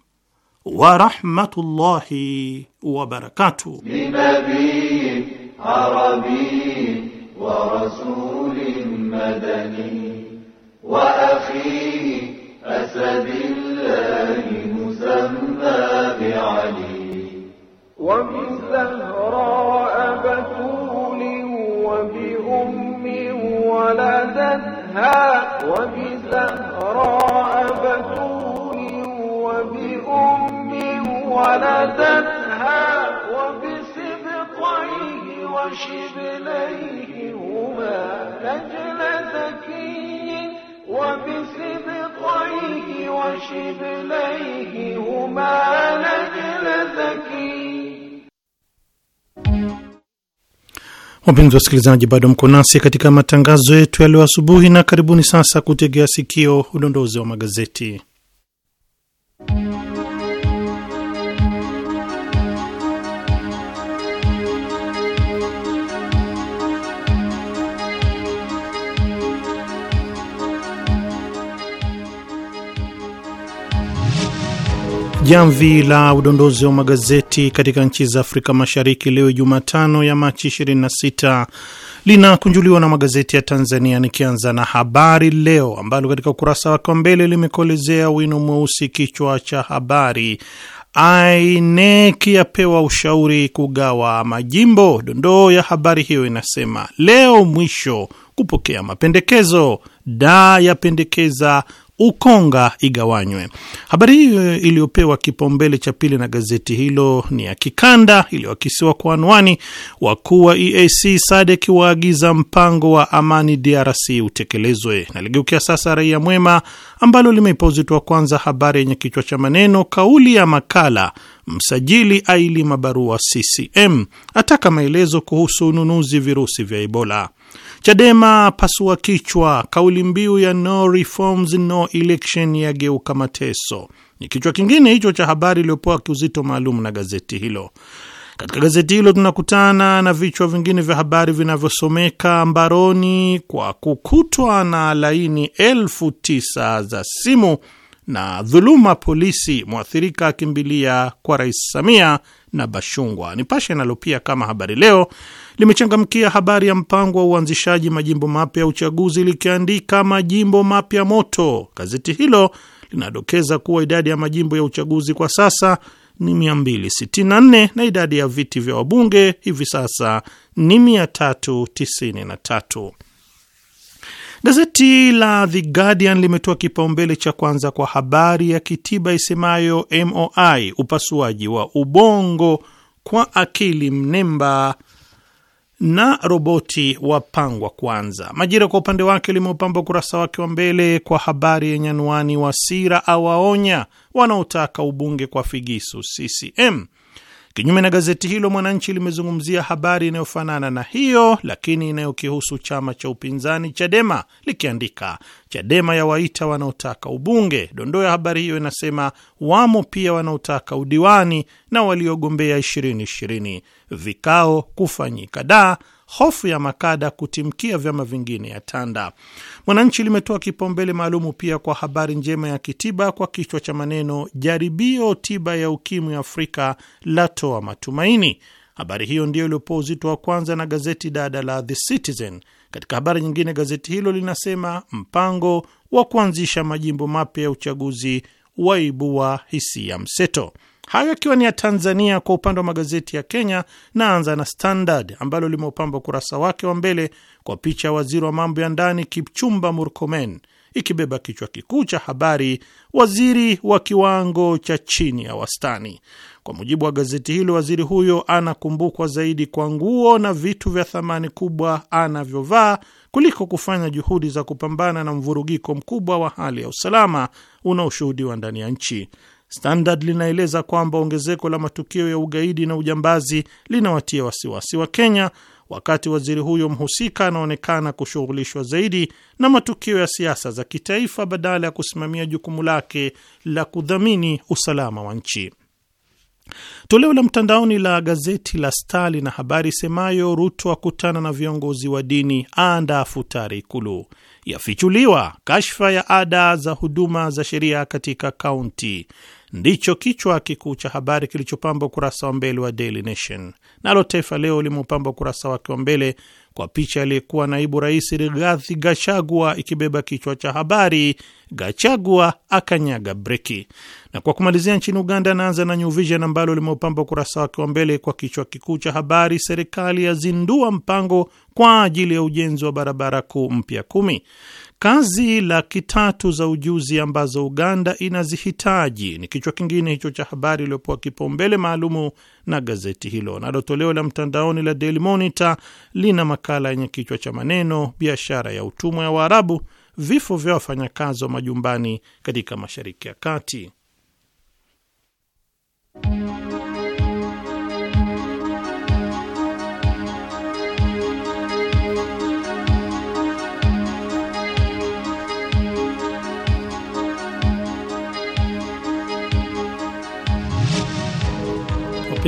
warahmatullahi wabarakatuh. وبزهراء بتول وبأم ولدتها وبزهراء بتول وبأم ولدتها وبسبطيه وشبليه هما نجل زكي وبسبطيه وشبليه هما زكي Wapenzi wasikilizaji, bado mko nasi katika matangazo yetu ya leo asubuhi, na karibuni sasa kutegea sikio udondozi wa magazeti. Jamvi la udondozi wa magazeti katika nchi za Afrika Mashariki leo Jumatano ya Machi 26 linakunjuliwa na magazeti ya Tanzania, nikianza na Habari Leo ambalo katika ukurasa wake wa mbele limekolezea wino mweusi kichwa cha habari, INEC yapewa ushauri kugawa majimbo. Dondoo ya habari hiyo inasema leo mwisho kupokea mapendekezo, da yapendekeza Ukonga igawanywe. Habari hiyo iliyopewa kipaumbele cha pili na gazeti hilo ni ya kikanda iliyoakisiwa kwa anwani, wakuu wa EAC SADC waagiza mpango wa amani DRC utekelezwe. Naligeukia sasa Raia Mwema ambalo limeipa uzito wa kwanza habari yenye kichwa cha maneno, kauli ya makala msajili aili mabarua CCM ataka maelezo kuhusu ununuzi virusi vya Ebola. Chadema pasua kichwa, kauli mbiu ya no reforms no election yageuka mateso, ni kichwa kingine hicho cha habari iliyopewa kiuzito maalum na gazeti hilo. Katika gazeti hilo tunakutana na vichwa vingine vya habari vinavyosomeka mbaroni kwa kukutwa na laini elfu tisa za simu na dhuluma polisi, mwathirika akimbilia kwa Rais Samia na Bashungwa. Nipashe pasha pia kama Habari Leo limechangamkia habari ya mpango wa uanzishaji majimbo mapya ya uchaguzi likiandika majimbo mapya moto. Gazeti hilo linadokeza kuwa idadi ya majimbo ya uchaguzi kwa sasa ni 264 na idadi ya viti vya wabunge hivi sasa ni 393. Gazeti la The Guardian limetoa kipaumbele cha kwanza kwa habari ya kitiba isemayo MOI upasuaji wa ubongo kwa akili mnemba na roboti wapangwa kwanza. Majira kwa upande wake limeupamba ukurasa wake wa mbele kwa habari yenye anwani Wasira awaonya wanaotaka ubunge kwa figisu CCM. Kinyume na gazeti hilo, Mwananchi limezungumzia habari inayofanana na hiyo, lakini inayokihusu chama cha upinzani Chadema likiandika, Chadema ya waita wanaotaka ubunge. Dondoo ya habari hiyo inasema wamo pia wanaotaka udiwani na waliogombea 2020 vikao kufanyika da hofu ya makada kutimkia vyama vingine ya tanda. Mwananchi limetoa kipaumbele maalumu pia kwa habari njema ya kitiba kwa kichwa cha maneno, jaribio tiba ya ukimwi Afrika latoa matumaini. Habari hiyo ndiyo iliyopoa uzito wa kwanza na gazeti dada la The Citizen. Katika habari nyingine, gazeti hilo linasema mpango wa kuanzisha majimbo mapya ya uchaguzi waibua hisia mseto. Hayo akiwa ni ya Tanzania. Kwa upande wa magazeti ya Kenya, naanza na Standard ambalo limeupamba ukurasa wake wa mbele kwa picha ya waziri wa mambo ya ndani Kipchumba Murkomen ikibeba kichwa kikuu cha habari, waziri wa kiwango cha chini ya wastani. Kwa mujibu wa gazeti hilo, waziri huyo anakumbukwa zaidi kwa nguo na vitu vya thamani kubwa anavyovaa kuliko kufanya juhudi za kupambana na mvurugiko mkubwa wa hali ya usalama unaoshuhudiwa ndani ya nchi. Standard linaeleza kwamba ongezeko la matukio ya ugaidi na ujambazi linawatia wasiwasi wa Kenya, wakati waziri huyo mhusika anaonekana kushughulishwa zaidi na matukio ya siasa za kitaifa badala ya kusimamia jukumu lake la kudhamini usalama wa nchi. Toleo la mtandaoni la gazeti la Star lina habari semayo Ruto akutana na viongozi wa dini, aandaa futari Ikulu yafichuliwa kashfa ya ada za huduma za sheria katika kaunti ndicho kichwa kikuu cha habari kilichopamba ukurasa wa mbele wa Daily Nation. Nalo Taifa Leo limeupamba ukurasa wake wa mbele kwa picha aliyekuwa naibu rais Rigathi Gachagua ikibeba kichwa cha habari Gachagua akanyaga breki. Na kwa kumalizia, nchini Uganda anaanza na New Vision ambalo limeupamba ukurasa wake wa mbele kwa kichwa kikuu cha habari serikali yazindua mpango kwa ajili ya ujenzi wa barabara kuu mpya kumi. Kazi laki tatu za ujuzi ambazo Uganda inazihitaji ni kichwa kingine hicho cha habari iliyopewa kipaumbele maalumu na gazeti hilo. Nalo toleo la mtandaoni la Daily Monitor lina makala yenye kichwa cha maneno biashara ya utumwa ya Waarabu, vifo vya wafanyakazi wa majumbani katika Mashariki ya Kati.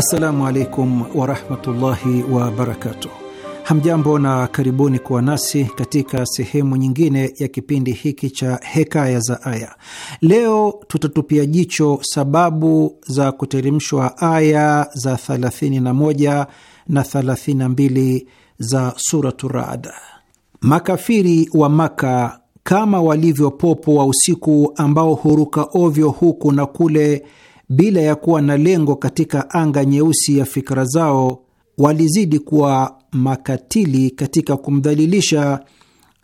Assalamu alaikum warahmatullahi wabarakatuh. Hamjambo na karibuni kuwa nasi katika sehemu nyingine ya kipindi hiki cha Hekaya za Aya. Leo tutatupia jicho sababu za kuteremshwa aya za 31 na 32 za Suratu Raad. Makafiri wa Maka kama walivyo popo wa usiku ambao huruka ovyo huku na kule bila ya kuwa na lengo katika anga nyeusi ya fikra zao, walizidi kuwa makatili katika kumdhalilisha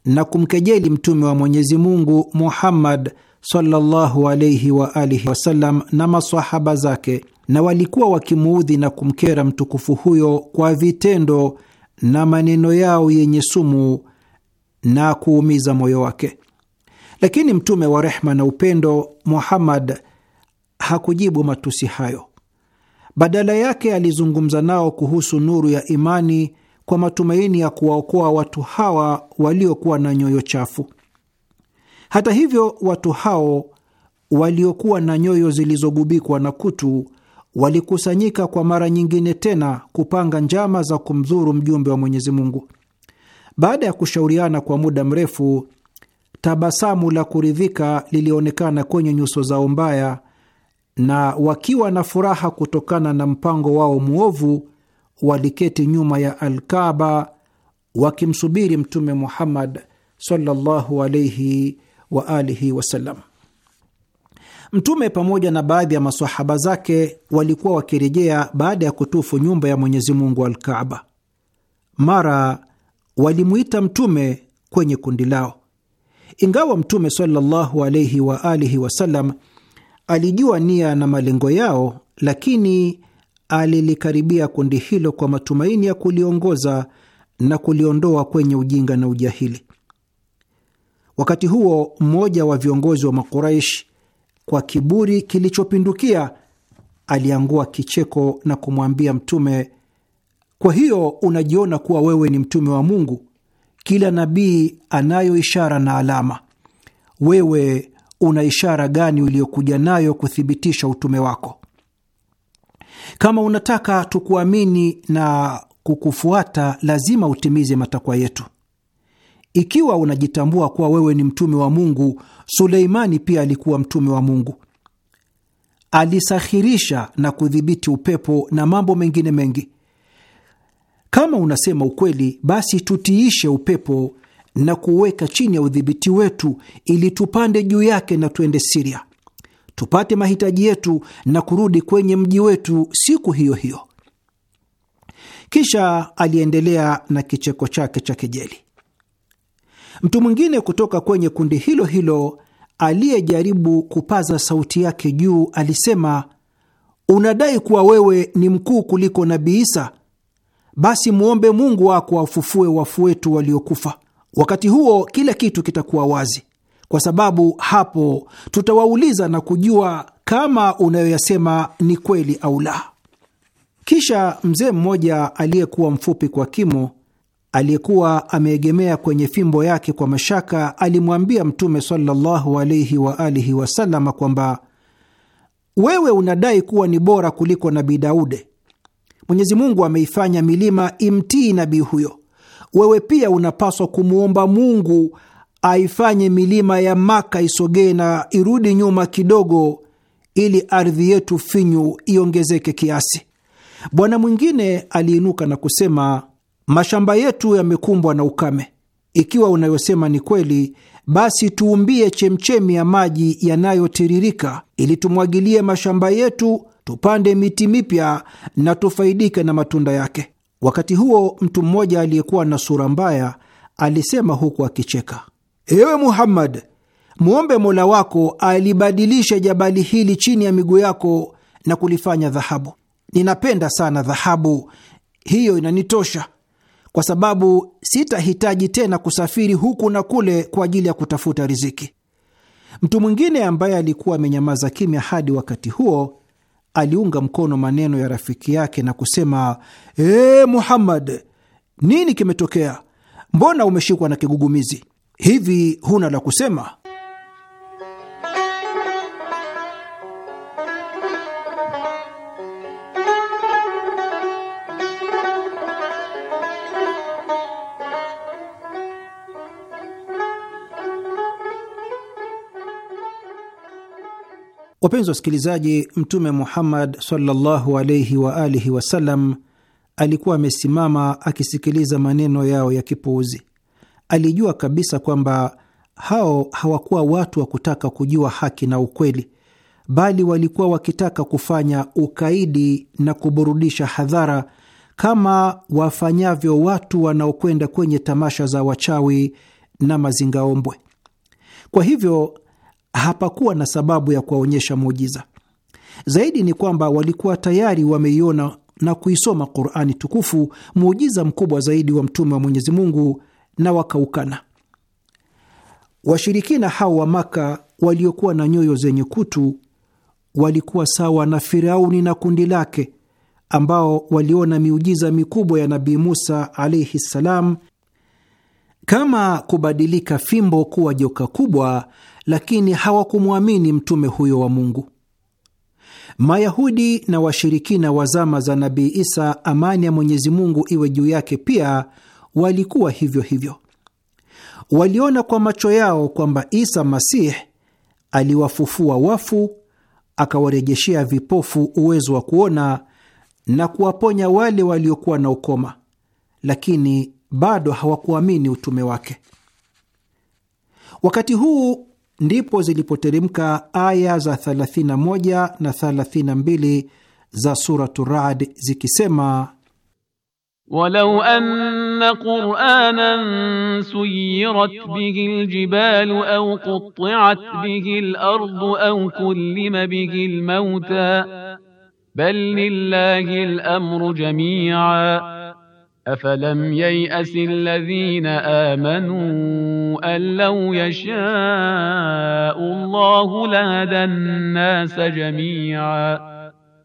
na kumkejeli mtume wa Mwenyezi Mungu Muhammad sallallahu alayhi wa alihi wasallam na masahaba zake, na walikuwa wakimuudhi na kumkera mtukufu huyo kwa vitendo na maneno yao yenye sumu na kuumiza moyo wake. Lakini mtume wa rehma na upendo Muhammad hakujibu matusi hayo. Badala yake alizungumza nao kuhusu nuru ya imani kwa matumaini ya kuwaokoa watu hawa waliokuwa na nyoyo chafu. Hata hivyo, watu hao waliokuwa na nyoyo zilizogubikwa na kutu walikusanyika kwa mara nyingine tena kupanga njama za kumdhuru mjumbe wa Mwenyezi Mungu. Baada ya kushauriana kwa muda mrefu, tabasamu la kuridhika lilionekana kwenye nyuso zao mbaya na wakiwa na furaha kutokana na mpango wao mwovu, waliketi nyuma ya Alkaba wakimsubiri Mtume Muhammad sallallahu alaihi wa alihi wasallam. Mtume pamoja na baadhi ya masahaba zake walikuwa wakirejea baada ya kutufu nyumba ya Mwenyezi Mungu Alkaaba. Mara walimwita Mtume kwenye kundi lao, ingawa Mtume sallallahu alaihi wa alihi wasallam Alijua nia na malengo yao, lakini alilikaribia kundi hilo kwa matumaini ya kuliongoza na kuliondoa kwenye ujinga na ujahili. Wakati huo mmoja wa viongozi wa Makuraish, kwa kiburi kilichopindukia, aliangua kicheko na kumwambia Mtume, kwa hiyo unajiona kuwa wewe ni mtume wa Mungu? Kila nabii anayo ishara na alama, wewe una ishara gani uliyokuja nayo kuthibitisha utume wako? Kama unataka tukuamini na kukufuata, lazima utimize matakwa yetu. Ikiwa unajitambua kuwa wewe ni mtume wa Mungu, Suleimani pia alikuwa mtume wa Mungu, alisahirisha na kudhibiti upepo na mambo mengine mengi. Kama unasema ukweli, basi tutiishe upepo na kuweka chini ya udhibiti wetu, ili tupande juu yake na tuende Siria tupate mahitaji yetu na kurudi kwenye mji wetu siku hiyo hiyo. Kisha aliendelea na kicheko chake cha kejeli. Mtu mwingine kutoka kwenye kundi hilo hilo aliyejaribu kupaza sauti yake juu alisema, unadai kuwa wewe ni mkuu kuliko Nabii Isa? Basi mwombe Mungu wako afufue wafu wetu waliokufa. Wakati huo kila kitu kitakuwa wazi, kwa sababu hapo tutawauliza na kujua kama unayoyasema ni kweli au la. Kisha mzee mmoja aliyekuwa mfupi kwa kimo, aliyekuwa ameegemea kwenye fimbo yake kwa mashaka, alimwambia Mtume sallallahu alaihi wa alihi kwamba wewe unadai kuwa ni bora kuliko Nabii Daude. Mwenyezi Mungu ameifanya milima imtii nabii huyo wewe pia unapaswa kumwomba Mungu aifanye milima ya Maka isogee na irudi nyuma kidogo, ili ardhi yetu finyu iongezeke kiasi. Bwana mwingine aliinuka na kusema, mashamba yetu yamekumbwa na ukame. Ikiwa unayosema ni kweli, basi tuumbie chemchemi ya maji yanayotiririka, ili tumwagilie mashamba yetu, tupande miti mipya na tufaidike na matunda yake. Wakati huo mtu mmoja aliyekuwa na sura mbaya alisema huku akicheka, ewe Muhammad, mwombe Mola wako alibadilishe jabali hili chini ya miguu yako na kulifanya dhahabu. Ninapenda sana dhahabu, hiyo inanitosha kwa sababu sitahitaji tena kusafiri huku na kule kwa ajili ya kutafuta riziki. Mtu mwingine ambaye alikuwa amenyamaza kimya hadi wakati huo aliunga mkono maneno ya rafiki yake na kusema, ee Muhammad, nini kimetokea? Mbona umeshikwa na kigugumizi hivi? Huna la kusema? Wapenzi wasikilizaji, Mtume Muhammad sallallahu alaihi wa alihi wasallam alikuwa amesimama akisikiliza maneno yao ya kipuuzi. Alijua kabisa kwamba hao hawakuwa watu wa kutaka kujua haki na ukweli, bali walikuwa wakitaka kufanya ukaidi na kuburudisha hadhara kama wafanyavyo watu wanaokwenda kwenye tamasha za wachawi na mazingaombwe. Kwa hivyo hapakuwa na sababu ya kuwaonyesha muujiza. Zaidi ni kwamba walikuwa tayari wameiona na kuisoma Qurani tukufu, muujiza mkubwa zaidi wa mtume wa Mwenyezi Mungu, na wakaukana. Washirikina hao wa Maka waliokuwa na nyoyo zenye kutu walikuwa sawa na Firauni na kundi lake ambao waliona miujiza mikubwa ya Nabii Musa alaihi ssalam kama kubadilika fimbo kuwa joka kubwa, lakini hawakumwamini mtume huyo wa Mungu. Mayahudi na washirikina wa zama za Nabii Isa, amani ya Mwenyezi Mungu iwe juu yake, pia walikuwa hivyo hivyo. Waliona kwa macho yao kwamba Isa Masih aliwafufua wafu, akawarejeshea vipofu uwezo wa kuona na kuwaponya wale waliokuwa na ukoma, lakini bado hawakuamini utume wake. Wakati huu ndipo zilipoteremka aya za 31 na 32 za Suratu Rad zikisema Walau anna Qur'anan suyirat bihi aljibalu au qutti'at bihi alardu au kullima bihi almauta bal lillahi alamru jami'a أفلم ييأس الذين آمنوا أن لو يشاء الله لهدى الناس جميعا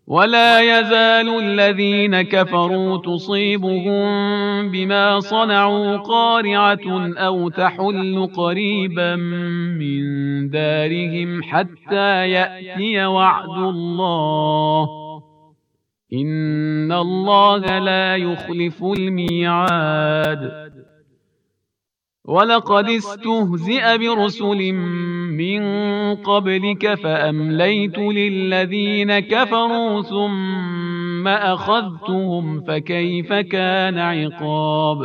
ولا يزال الذين كفروا تصيبهم بما صنعوا قارعة أو تحل قريبا من دارهم حتى يأتي وعد الله إن الله لا يخلف الميعاد ولقد استهزئ برسل من قبلك فأمليت للذين كفروا ثم أخذتهم فكيف كان عقاب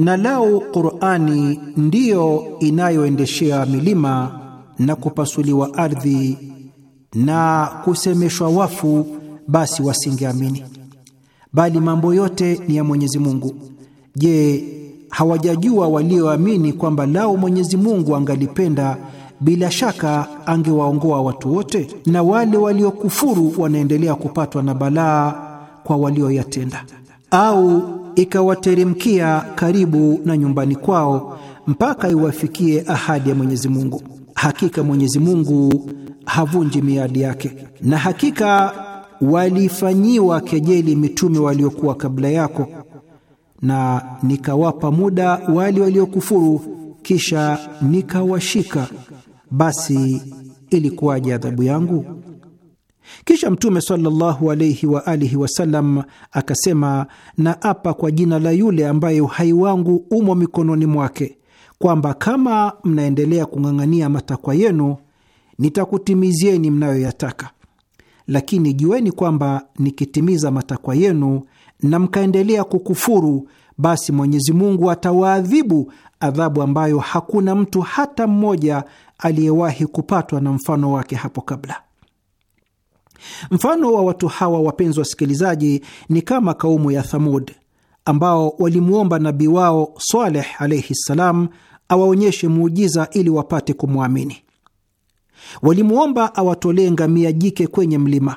نلاو قرآني نديو ndiyo inayoendeshea milima na kupasuliwa ardhi na kusemeshwa wafu basi wasingeamini. Bali mambo yote ni ya Mwenyezi Mungu. Je, hawajajua walioamini kwamba lao Mwenyezi Mungu angalipenda bila shaka angewaongoa watu wote? Na wale waliokufuru wanaendelea kupatwa na balaa kwa walioyatenda. Au ikawateremkia karibu na nyumbani kwao mpaka iwafikie ahadi ya Mwenyezi Mungu. Hakika Mwenyezi Mungu havunji miadi yake, na hakika walifanyiwa kejeli mitume waliokuwa kabla yako, na nikawapa muda wale waliokufuru, kisha nikawashika. Basi ilikuwaje adhabu yangu? Kisha Mtume sallallahu alaihi wa alihi wasallam akasema, na apa kwa jina la yule ambaye uhai wangu umo mikononi mwake, kwamba kama mnaendelea kung'ang'ania matakwa yenu, nitakutimizieni mnayoyataka lakini jueni kwamba nikitimiza matakwa yenu na mkaendelea kukufuru, basi Mwenyezi Mungu atawaadhibu adhabu ambayo hakuna mtu hata mmoja aliyewahi kupatwa na mfano wake hapo kabla. Mfano wa watu hawa, wapenzi wasikilizaji, ni kama kaumu ya Thamud ambao walimwomba nabii wao Saleh alaihi ssalam awaonyeshe muujiza ili wapate kumwamini. Walimwomba awatolee ngamia jike kwenye mlima.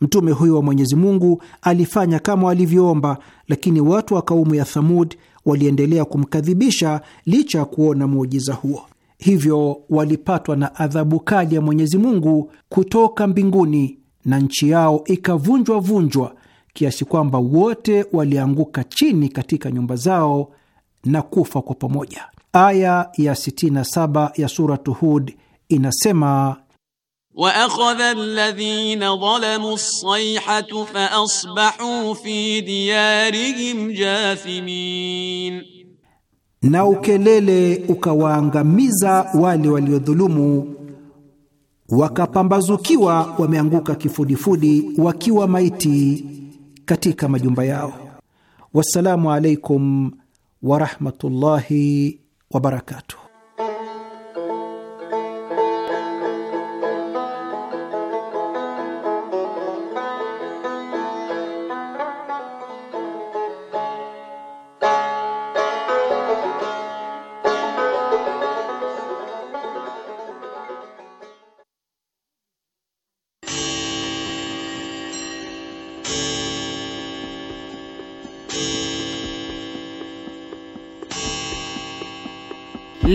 Mtume huyo wa Mwenyezi Mungu alifanya kama walivyoomba lakini watu wa kaumu ya Thamud waliendelea kumkadhibisha licha ya kuona muujiza huo. Hivyo walipatwa na adhabu kali ya Mwenyezi Mungu kutoka mbinguni na nchi yao ikavunjwa vunjwa kiasi kwamba wote walianguka chini katika nyumba zao na kufa kwa pamoja. Aya ya 67 ya Suratu Hud inasema wa akhadha alladhina zalamu as-sayhatu fa asbahu fi diyarihim jathimin, na ukelele ukawaangamiza wale waliodhulumu wakapambazukiwa wameanguka kifudifudi wakiwa maiti katika majumba yao. Wassalamu alaikum warahmatullahi wabarakatuh.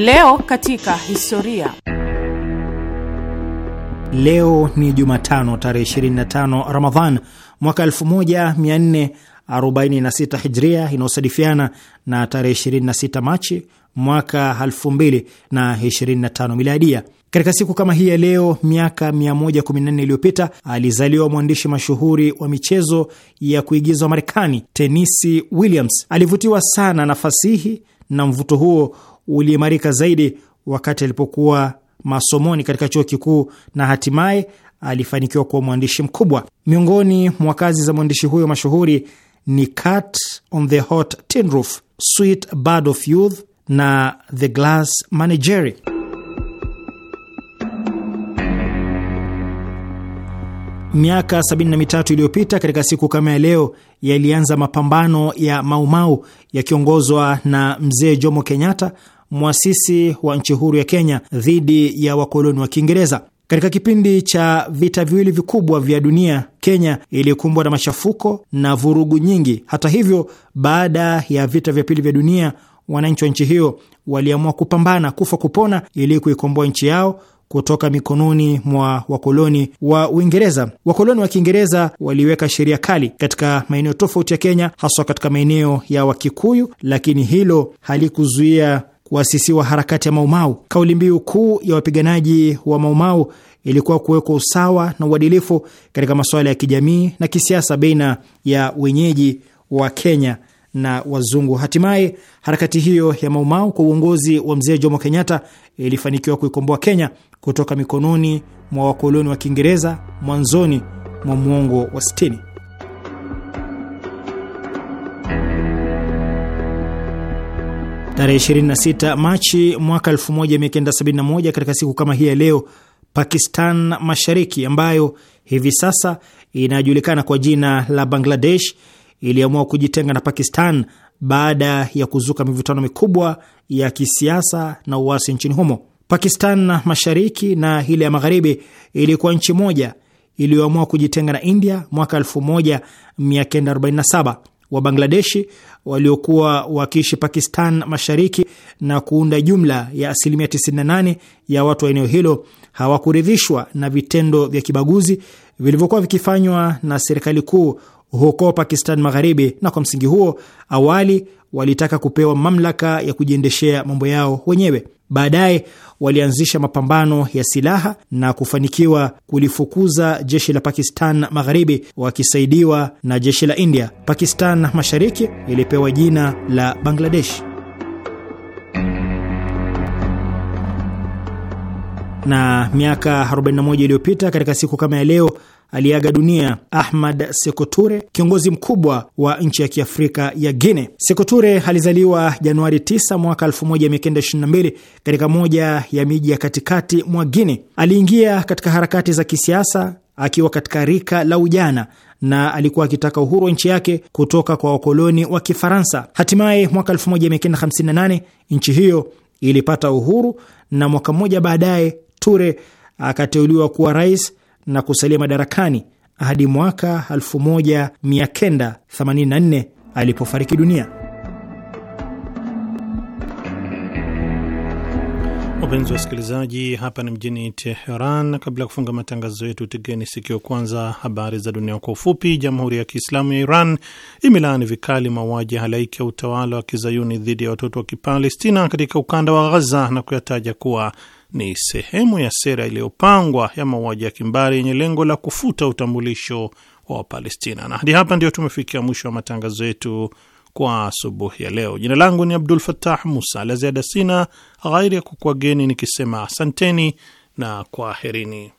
Leo katika historia. Leo ni Jumatano tarehe 25 Ramadhan mwaka 1446 Hijria, inayosadifiana na tarehe 26 Machi mwaka 2025 Miladia. Katika siku kama hii ya leo miaka 114 iliyopita alizaliwa mwandishi mashuhuri wa michezo ya kuigizwa Marekani, Tennessee Williams. Alivutiwa sana na fasihi na mvuto huo uliimarika zaidi wakati alipokuwa masomoni katika chuo kikuu na hatimaye alifanikiwa kuwa mwandishi mkubwa. Miongoni mwa kazi za mwandishi huyo mashuhuri ni Cat on the Hot Tin Roof, Sweet Bird of Youth na The Glass Menagerie. Miaka 73 iliyopita katika siku kama ya leo yalianza mapambano ya Maumau yakiongozwa na mzee Jomo Kenyatta mwasisi wa nchi huru ya Kenya dhidi ya wakoloni wa Kiingereza. Katika kipindi cha vita viwili vikubwa vya dunia, Kenya ilikumbwa na machafuko na vurugu nyingi. Hata hivyo, baada ya vita vya pili vya dunia, wananchi wa nchi hiyo waliamua kupambana kufa kupona ili kuikomboa nchi yao kutoka mikononi mwa wakoloni wa Uingereza. Wakoloni wa Kiingereza waliweka sheria kali katika maeneo tofauti ya Kenya, haswa katika maeneo ya Wakikuyu, lakini hilo halikuzuia kuasisiwa harakati ya Maumau. Kauli mbiu kuu ya wapiganaji wa Maumau ilikuwa kuwekwa usawa na uadilifu katika masuala ya kijamii na kisiasa baina ya wenyeji wa Kenya na wazungu. Hatimaye harakati hiyo ya Maumau kwa uongozi wa mzee Jomo Kenyatta ilifanikiwa kuikomboa Kenya kutoka mikononi mwa wakoloni wa Kiingereza mwanzoni mwa mwongo wa 60. Tarehe 26 Machi mwaka 1971, katika siku kama hii ya leo, Pakistan Mashariki ambayo hivi sasa inajulikana kwa jina la Bangladesh iliamua kujitenga na Pakistan baada ya kuzuka mivutano mikubwa ya kisiasa na uasi nchini humo. Pakistan Mashariki na ile ya Magharibi ilikuwa nchi moja iliyoamua kujitenga na India mwaka 1947 wa Bangladeshi waliokuwa wakiishi Pakistan Mashariki na kuunda jumla ya asilimia 98 ya watu wa eneo hilo hawakuridhishwa na vitendo vya kibaguzi vilivyokuwa vikifanywa na serikali kuu huko Pakistan Magharibi, na kwa msingi huo awali walitaka kupewa mamlaka ya kujiendeshea mambo yao wenyewe. Baadaye walianzisha mapambano ya silaha na kufanikiwa kulifukuza jeshi la Pakistan Magharibi wakisaidiwa na jeshi la India. Pakistan Mashariki ilipewa jina la Bangladesh. Na miaka 41 iliyopita katika siku kama ya leo aliyeaga dunia Ahmad Sekoture, kiongozi mkubwa wa nchi ya kiafrika ya guine Sekoture alizaliwa Januari 9 mwaka 1922 katika moja ya miji ya katikati mwa Guinea. Aliingia katika harakati za kisiasa akiwa katika rika la ujana na alikuwa akitaka uhuru wa nchi yake kutoka kwa wakoloni wa Kifaransa. Hatimaye mwaka 1958 nchi hiyo ilipata uhuru na mwaka mmoja baadaye Ture akateuliwa kuwa rais na kusalia madarakani hadi mwaka 1984 alipofariki dunia. Wapenzi wa wasikilizaji, hapa ni mjini Teheran. Kabla ya kufunga matangazo yetu, tegeni sikio kwanza habari za dunia kwa ufupi. Jamhuri ya Kiislamu ya Iran imelaani vikali mauaji halaiki ya utawala wa kizayuni dhidi ya watoto wa Kipalestina katika ukanda wa Ghaza na kuyataja kuwa ni sehemu ya sera iliyopangwa ya mauaji ya kimbari yenye lengo la kufuta utambulisho wa Wapalestina. Na hadi hapa ndio tumefikia mwisho wa matangazo yetu kwa asubuhi ya leo. Jina langu ni Abdul fatah Musa. La ziada sina ghairi ya kukuageni nikisema asanteni na kwaherini.